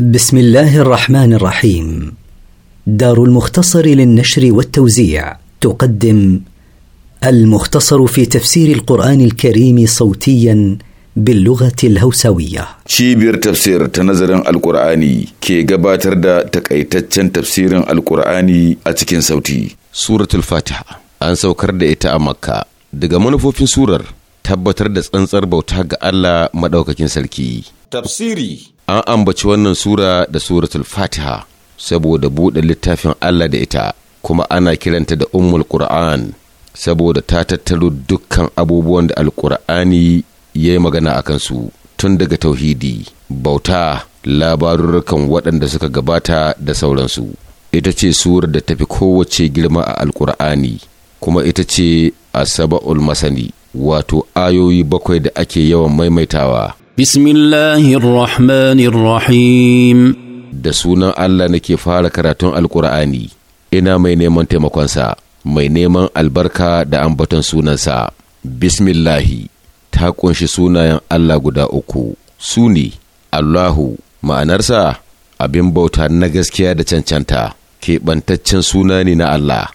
بسم الله الرحمن الرحيم دار المختصر للنشر والتوزيع تقدم المختصر في تفسير القرآن الكريم صوتيا باللغة الهوسوية شيبير تفسير تنظر القرآني كي قباتر دا تكأيتتشن تفسير القرآني أتكين صوتي سورة الفاتحة أن سوكر إتاء مكة أمكا دقا منفوفين سورر tabbatar da tsantsar bauta ga Allah maɗaukakin sarki. Tafsiri an ambaci wannan sura da suratul fatiha saboda buɗe littafin Allah da ita kuma ana kiranta da ummul qur'an saboda ta tattaro dukkan abubuwan da alqur'ani ya yi magana a kansu tun daga tauhidi bauta labarurrukan waɗanda suka gabata da sauransu ita ce surar da tafi kowace girma a alkur'ani kuma ita ce asaba'ul masani wato ayoyi bakwai da ake yawan maimaitawa بسم الله الرحمن الرحيم da sunan Allah nake fara karatun Alƙur'ani, ina mai neman taimakonsa, mai neman albarka da ambaton sunansa, Bismillahi, ta ƙunshi sunayen Allah guda uku, su ne, Allahu, ma'anarsa abin bauta na gaskiya da cancanta, keɓantaccen suna ne na Allah,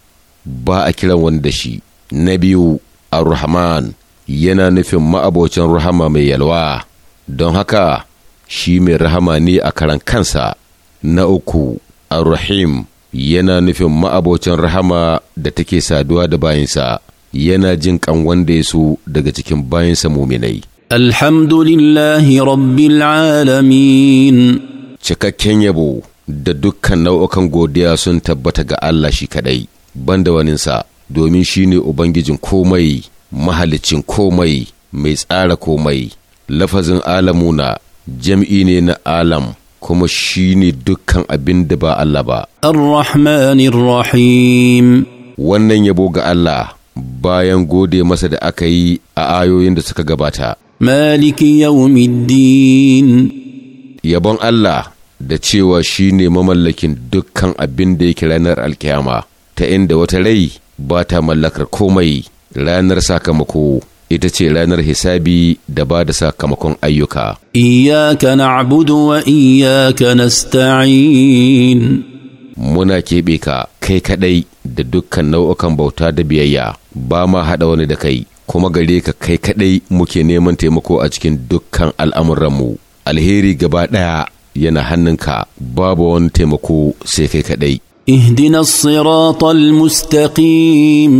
ba a kiran wani da shi. Na biyu, Ar-Rahman, yana nufin ma'abocin rahama mai yalwa. don haka shi mai rahama ne a karan kansa na uku ar-rahim yana nufin ma'abocin rahama da take saduwa da bayansa yana jin kan wanda ya so daga cikin bayansa muminai alhamdulillahi rabbil alamin cikakken yabo da dukkan nau'ukan godiya sun tabbata ga Allah shi kadai banda waninsa domin shi ne ubangijin komai mahalicin komai mai tsara komai lafazin alamu na jam'i ne na alam kuma shi ne dukkan abin da ba Allah ba. ar rahim Wannan yabo ga Allah bayan gode masa da aka yi a ayoyin da suka gabata. Maliki yawmiddin Yabon Allah da cewa shi ne mamallakin dukkan abin da yake ranar alkiyama ta inda wata rai ba ta mallakar komai ranar sakamako. ita ce ranar hisabi da ba da sakamakon ayyuka. Iyaka na'budu wa iyaka nasta'in. Muna keɓe ka kai kaɗai da dukkan nau'ukan bauta da biyayya ba ma haɗa wani da kai, kuma gare ka kai kaɗai muke neman taimako a cikin dukkan al'amuranmu. Alheri gaba ɗaya yana hannunka babu wani taimako sai kai kaɗai. اهدنا siratal mustaqim.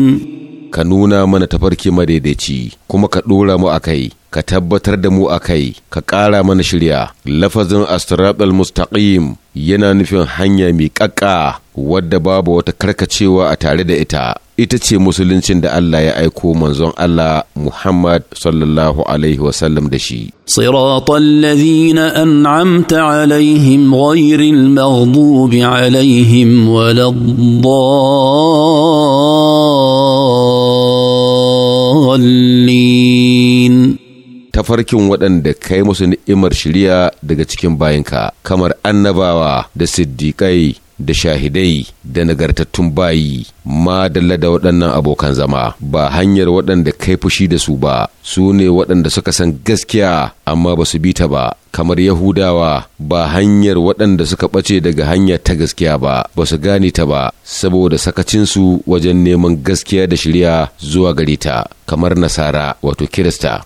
ka nuna mana tafarki madaidaici kuma ka ɗora mu a kai ka tabbatar da mu a kai ka ƙara mana shirya lafazin astrabal mustaqim yana nufin hanya mai ƙaƙƙa wadda babu wata karkacewa a tare da ita ita ce musuluncin da Allah ya aiko manzon Allah Muhammad sallallahu alaihi wasallam da shi siratal ladhina an'amta alaihim ghairil maghdubi alaihim waladdallin الضالين tafarkin waɗanda kai musu ni'imar shirya daga cikin bayanka kamar annabawa da siddiƙai da shahidai da nagartattun bayi madalla da waɗannan abokan zama ba hanyar waɗanda kai fushi da su ba su ne waɗanda suka san gaskiya amma ba su bi ta ba kamar yahudawa ba hanyar waɗanda suka ɓace daga hanya ta gaskiya ba ba su gane ta ba saboda sakacinsu wajen neman gaskiya da shirya zuwa gare ta kamar nasara wato kirista